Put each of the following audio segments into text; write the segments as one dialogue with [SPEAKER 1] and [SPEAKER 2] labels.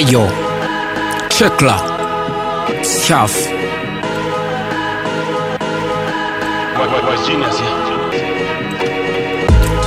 [SPEAKER 1] Eyo Chekla Chafu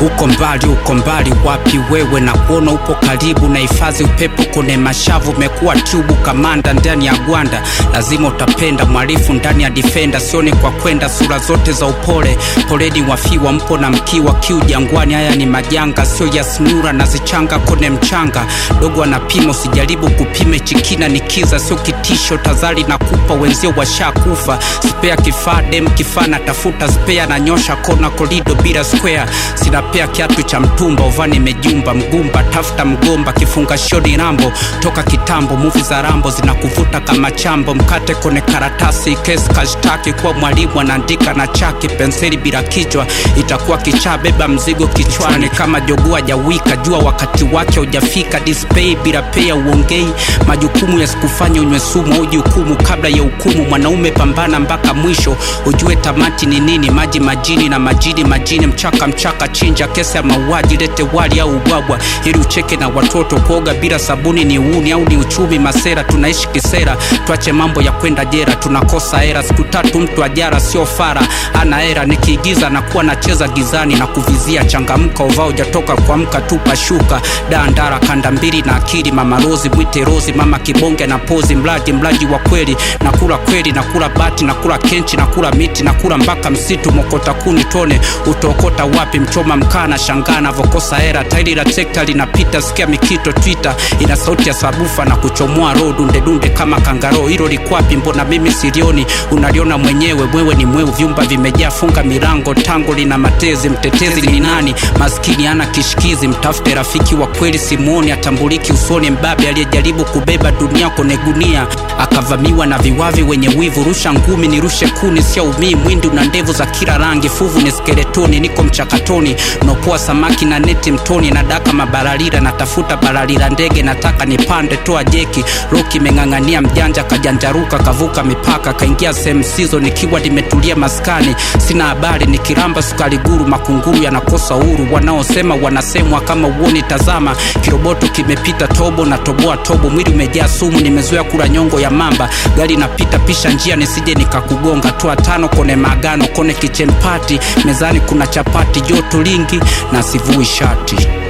[SPEAKER 1] Uko mbali, uko mbali wapi wewe? Na kuona upo karibu na hifadhi upepo kone mashavu, umekuwa tubu kamanda ndani ya gwanda, lazima utapenda mwarifu ndani ya difenda sioni kwa kwenda sura zote za upole poleni, wafiwa mpo na mkiwa kiu jangwani. Haya ni majanga sio yasnura na zichanga kone mchanga dogo anapima, usijaribu kupime chikina nikiza, sio kitisho tazari na kupa wenzio washakufa, spea kifaa dem kifaa tafuta spea na nyosha kona korido bila square sina pea kiatu cha mtumba, uvani imejumba mgumba, tafuta mgomba, kifunga shodi rambo toka kitambo, muvi za rambo zinakuvuta kama chambo, mkate kone karatasi, kesi kashtaki kuwa mwalimu anaandika na chaki, penseli bila kichwa itakuwa kichaa, beba mzigo kichwani kama jogua jawika, jua wakati wake hujafika, display bila pea uongei, majukumu yasikufanya unywe sumu uji hukumu kabla ya hukumu, mwanaume pambana mpaka mwisho ujue tamati ni nini, maji majini na majini majini, mchaka mchaka chinja ya kesi ya mauaji, lete wali au ubwabwa ili ucheke na watoto. Kuoga bila sabuni ni uhuni au ni uchumi? Masera tunaishi kisera, tuache mambo ya kwenda jera, tunakosa hera. Siku tatu mtu ajara, sio fara, ana hera. Nikiigiza na kuwa nacheza gizani na kuvizia, changamka uvao, hujatoka kuamka, tupa shuka, dandara kanda mbili na akili, mama Rozi mwite Rozi, mama kibonge na pozi, mlaji mlaji wa kweli, nakula kweli, nakula bati, nakula kenchi, nakula miti, nakula mpaka msitu, mokota kuni tone, utaokota wapi? mchoma Nimeamka na shangaa navokosa hera, tairi la tekta linapita, sikia mikito twita, ina sauti ya sabufa na kuchomoa roho dunde dunde kama kangaro. Hilo likwapi? Mbona mimi silioni? Unaliona mwenyewe, mwewe ni mweu, vyumba vimejaa, funga milango, tango lina matezi. Mtetezi ni nani? Maskini ana kishikizi, mtafute rafiki wa kweli, simuoni atambuliki usoni. Mbabe aliyejaribu kubeba dunia kone gunia, akavamiwa na viwavi wenye wivu. Rusha ngumi nirushe kuni, sia umii, mwindi una ndevu za kila rangi, fuvu ni skeletoni, niko mchakatoni Nopoa samaki na neti mtoni, na daka mabalalira, natafuta baralira ndege, nataka nipande, toa jeki roki, meng'ang'ania mjanja, kajanjaruka, kavuka mipaka, kaingia sehemu sizo, nikiwa nimetulia maskani, sina habari, nikiramba sukari guru, makunguru yanakosa uhuru, wanaosema wanasemwa, kama uoni tazama, kiroboto kimepita tobo na toboa tobo, mwili umejaa sumu, nimezoea kula nyongo ya mamba, gari napita pisha njia nisije nikakugonga, toa tano kone magano kone kichempati, mezani kuna chapati joto lingi mingi na sivui shati